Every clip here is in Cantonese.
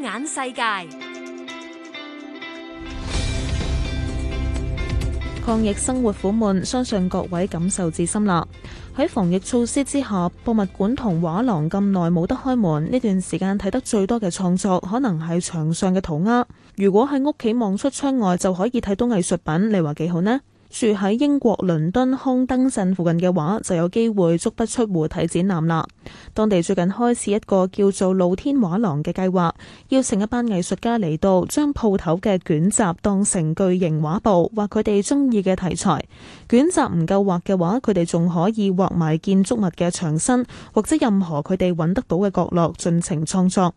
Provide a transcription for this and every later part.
眼世界抗疫生活苦悶，相信各位感受至深啦。喺防疫措施之下，博物館同畫廊咁耐冇得開門，呢段時間睇得最多嘅創作，可能係牆上嘅塗鴉。如果喺屋企望出窗外，就可以睇到藝術品，你話幾好呢？住喺英國倫敦康登鎮附近嘅話，就有機會捉得出活體展覽啦。當地最近開始一個叫做露天畫廊嘅計劃，邀請一班藝術家嚟到，將鋪頭嘅捲閘當成巨型畫布，畫佢哋中意嘅題材。捲閘唔夠畫嘅話，佢哋仲可以畫埋建築物嘅牆身，或者任何佢哋揾得到嘅角落，盡情創作。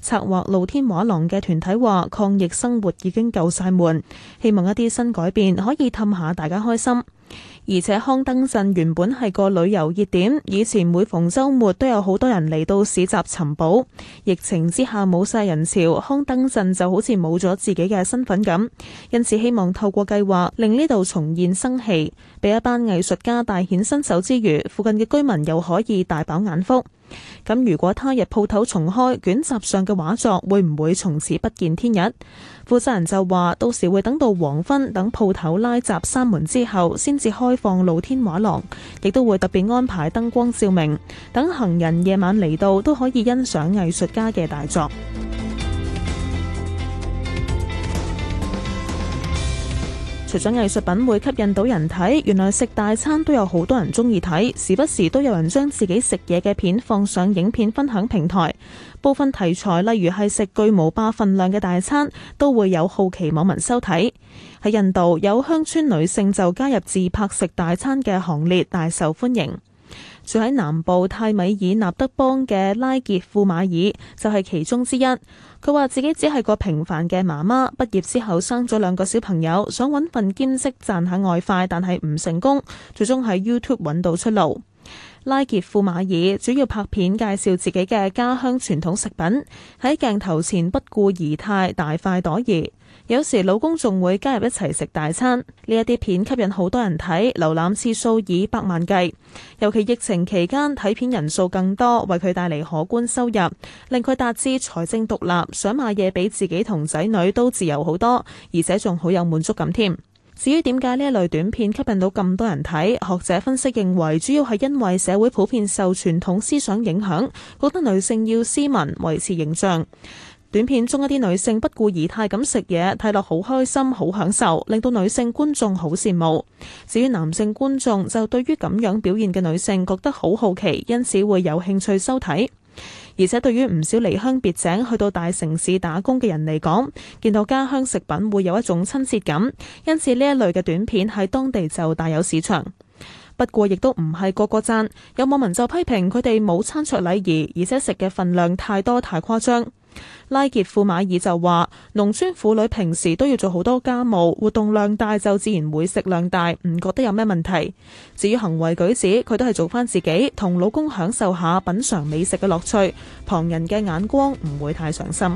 策劃露天畫廊嘅團體話：抗疫生活已經夠晒悶，希望一啲新改變可以氹下大家開心。而且康登鎮原本係個旅遊熱點，以前每逢周末都有好多人嚟到市集尋寶。疫情之下冇晒人潮，康登鎮就好似冇咗自己嘅身份咁。因此希望透過計劃，令呢度重現生氣，俾一班藝術家大顯身手之餘，附近嘅居民又可以大飽眼福。咁如果他日鋪頭重開，捲閘上嘅畫作會唔會從此不見天日？負責人就話：到時會等到黃昏，等鋪頭拉閘閂門之後，先至開放露天畫廊，亦都會特別安排燈光照明，等行人夜晚嚟到都可以欣賞藝術家嘅大作。除咗藝術品會吸引到人睇，原來食大餐都有好多人鍾意睇，時不時都有人將自己食嘢嘅片放上影片分享平台。部分題材例如係食巨無霸份量嘅大餐，都會有好奇網民收睇。喺印度，有鄉村女性就加入自拍食大餐嘅行列，大受歡迎。住喺南部泰米爾納德邦嘅拉傑庫馬爾，就係其中之一。佢話自己只係個平凡嘅媽媽，畢業之後生咗兩個小朋友，想揾份兼職賺下外快，但係唔成功，最終喺 YouTube 揾到出路。拉傑庫馬爾主要拍片介紹自己嘅家鄉傳統食品，喺鏡頭前不顧儀態，大快朵頤。有時老公仲會加入一齊食大餐。呢一啲片吸引好多人睇，瀏覽次數以百萬計。尤其疫情期間睇片人數更多，為佢帶嚟可觀收入，令佢達至財政獨立，想買嘢俾自己同仔女都自由好多，而且仲好有滿足感添。至於點解呢一類短片吸引到咁多人睇，學者分析認為，主要係因為社會普遍受傳統思想影響，覺得女性要斯文，維持形象。短片中一啲女性不顧儀態咁食嘢，睇落好開心，好享受，令到女性觀眾好羨慕。至於男性觀眾，就對於咁樣表現嘅女性覺得好好奇，因此會有興趣收睇。而且對於唔少離鄉別井去到大城市打工嘅人嚟講，見到家鄉食品會有一種親切感，因此呢一類嘅短片喺當地就大有市場。不過亦都唔係個個讚，有網民就批評佢哋冇餐桌禮儀，而且食嘅份量太多太誇張。拉傑庫馬爾就話：農村婦女平時都要做好多家務，活動量大就自然會食量大，唔覺得有咩問題。至於行為舉止，佢都係做返自己，同老公享受下品嘗美食嘅樂趣，旁人嘅眼光唔會太上心。